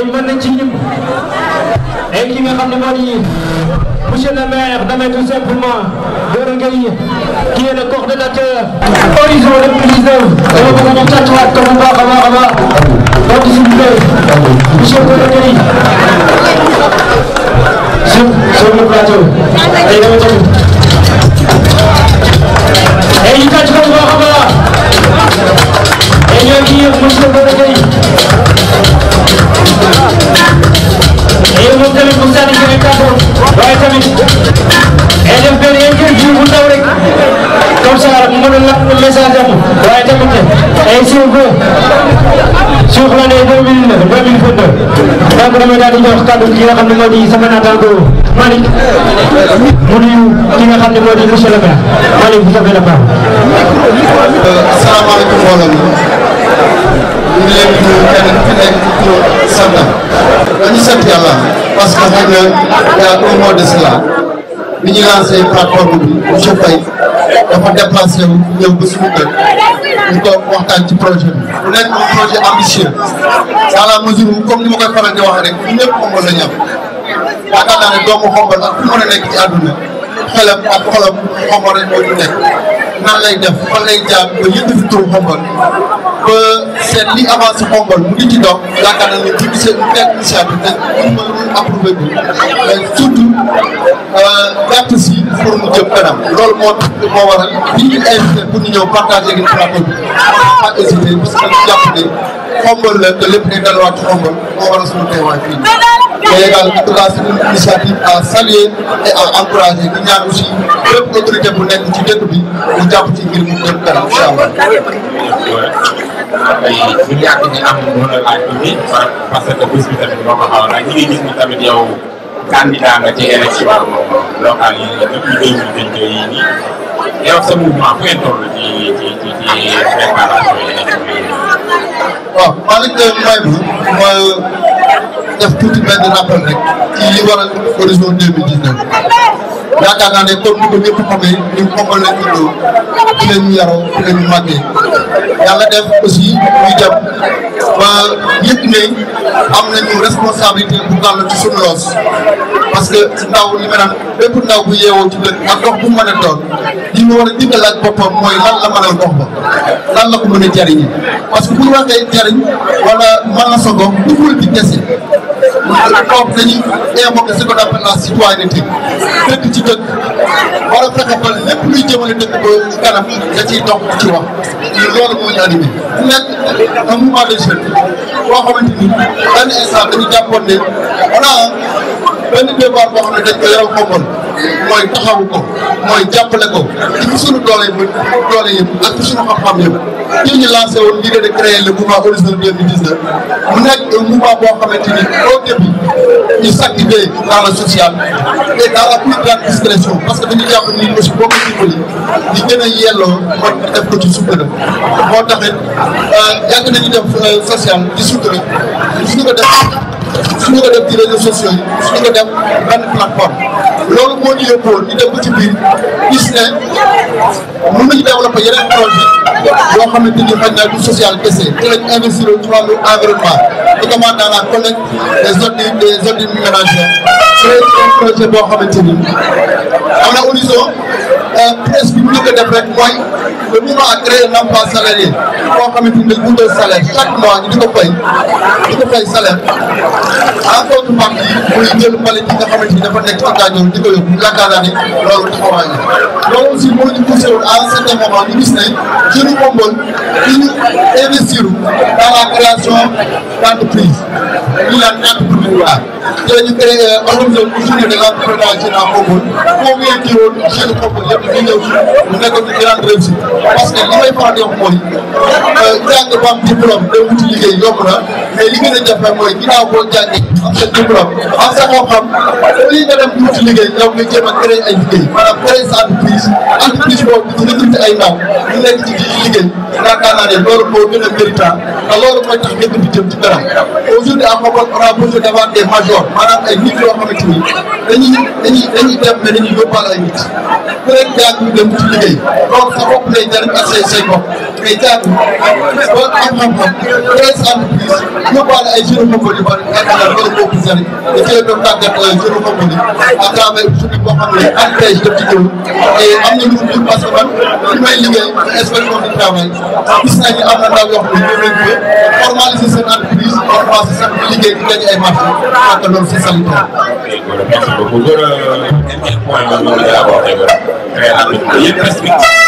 et mën nañ ci monsieur le maire tout simplement de qui est le coordonnateur Horizon 2019 donc monsieur sur sur le plateau ay Sonko Sonko la ne 2009 2022 donc damay daal di jox kàddu gi nga xam ne moo di sama naataango Malick mu nuyu ki nga ne moo di monsieur le maire Malick la parole. Euh, salaamaaleykum mbooloo mi ñu ngi leen di nuyu ku nekk pour sant dañu sant yàlla parce que xëy na y a un mois de cela bi ñu lancé plateforme dafa déplacé wu ñëw ba suñu ñu toog waxtaan ci projet bi. mu nekk un projet ambitieux. dans la comme ni ma koy faral di waxee rek ñëpp xombal la ñu am yaakaar naa ne doomu xombal ak fu mën a nekk ci àdduna xelam ak xolam xombal rek mooy du nekk. nan lay def fan lay jaar ba yëpp fi turu xombal ba seet li avance xombal mu ngi ci dox yaakaar nañu ne ci seen initiative nag pour mën a approuvé pour mu jëm kanam loolu moo tax moo waral fii ñu lépp day delluwaat ci xombal moo waral suñu teewaay fii mais également bu nekk ci dëkk bi mu jàpp ci a laaj bi parce que bés bi tamit boo ko xaw a laaj ñu ngi gis ni tamit yow. candidat nga ci élection locale yi depuis deux mille vingt deux yii nii yow sa mouvement fu ngeen toll ci ci ci ci préparation élection yi. waaw maa ngi leen may rek ci li waral horizon deux mille dix yaakaar naa ne comme ni ko ñëpp ñu xombal leen yaroo ci la ñu yàlla def aussi ñu dem ba yëpp ne am nañu responsabilité bu gàll ci suñu loos parce que ndaw li ma naan bépp ndaw bu yeewoo ci dëkk ak gox bu mën a doon li mu war a digal ak boppam mooy lan la mën a gox ba lan la mën a jariñ parce que bu ñu jariñ wala mën na sa du wul di dese donc dañuy évoquer ce qu'on appelle la citoyenneté dëkk ci dëkk war a fexe ba lépp luy jëmale dëkk ba kanam da ciy topp ci wax loolu moo ñu animé nekk un mouvement de jeunes boo xamante ni benn instant dañu jàppoon ne on a benn débat boo xam ne dañ ko yoral xombal mooy taxawu ko mooy jàppale ko ci suñu doole doole yëpp ak suñu xam-xam yëpp ci ñu lancé woon l'idée de créer le mouvement Horizon 2019 mu boo xamante ni au début ñu s'activer dans le social et la plus grande discrétion parce que dañu jàpp ni aussi boo ko dimbali di gën a yelloo mën def ko ci sutura moo taxit euh, yàgg nañu def euh, social ci sutura suñu ko def su ñu ko def ci réseaux sociaux yi su ñu ko def benn plateforme loolu moo ñu yóbbuwoon ñu dem ba ci biir gis ne mën nañu développer yeneen projet yoo xamante ni xaj na du social kese ci lañ investir ci wàllu environnement notamment dans la collecte des ordures des ordures ménagères c'est un projet boo xamante ni am na horizon Euh, pièce bi ñu njëkk a def rek mooy le mouvement a créé un emploi salarié boo xamante ni dañ wutee salaire chaque mois ñu di ko fay di ko fay salaire en contrepartie muy jël mbalit yi nga xamante ni dafa nekk ci rajo di ko yóbbu yaakaar naa ne loolu taxawaay la loolu aussi moo ñu poussé woon à un certain moment ñu gis ne jëriñ Khombole fi ñu investir dans la création d' entreprise ñu naan entreprenariat te ñu créé euh, organisé journée de l' entrepreneuriat ci Khombole foo ngi jiwoon jëriñ Khombole yëpp dañuy ñëw mu nekkoon di grande réussite parce que li may faral di wax mooy euh, jàng ba am diplôme dem wuti liggéey yomb na mais li gën a jafe mooy ginnaaw boo jàngee am sa diplôme am sa xam-xam lii nga dem wuti liggéey yow nga jéem a créer ay liggéey maanaam créer sa entreprise entreprise boobu di recruter ay ndaw ñu nekk ci jigéen yaakaar naa ne loolu moo gën a méritant te loolu mooy tax ñëpp di jëm ci dara aujourd'hui à Mbapat on a besoin d'avoir des majors maanaam ay nit yoo xamante ni dañuy dañuy dañuy dem mais dañuy yóbbaale ay nit ku leen jaar ñu dem ci liggéey donc sa bopp am xam-xam créer sa entreprise yóbbaale bari yaakaar naa loolu moo ko am nañu lu parce que man may liggéey espèce travail gis nañu am na ndaw yoo xam ne ñoo leen formaliser seen entreprise pour commencer sax di liggéey di gagné ay marché parce que loolu c'est sanitaire. merci beaucoup. Euh,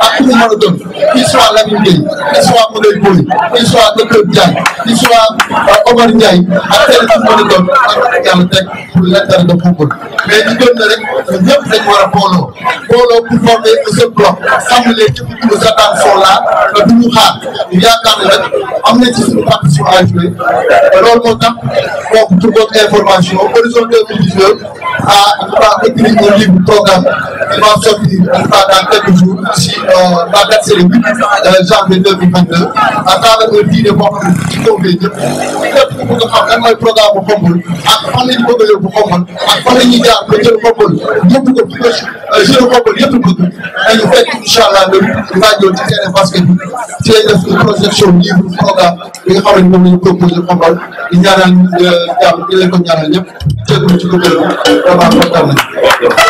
ak ku mu mën a doon qu'il soit Lamine Gueye qu'il soit Modoy Boy qu'il soit docteur Ndiaye qu'il soit euh, Omar Ndiaye ak kenn ku mën a doon ak yàlla teg de football mais ñu doon na rek ñëpp dañ war a booloo booloo pour former un seul bloc xam ne les les attentes sont là te rek am na ci suñu partition à moo tax kooku pour votre information horizon 2019 ah en tout cas écrit un programme qui va sortir en tout cas dans quelques franchi euh, la date c'est le 8 euh, janvier 2022 à travers un dîner boo xam ne ci kaw bee ñëpp képp ku bëgg a xam lan mooy programme bu Khombole ak fan la ñu bëgg a yóbbu Khombole ak fan la ñuy jaar ba jël Khombole yóbbu ko fi nga jël Khombole euh, yëpp bëgg dañu fekk incha allah le rajo ci terrain basket bi ci lay def projection livre programme bi nga xam ne moom la ñu proposé Khombole di ñaanal jàmm di leen ko ñaanal ñëpp teguñu ci ko gërëm vraiment kontaan nañu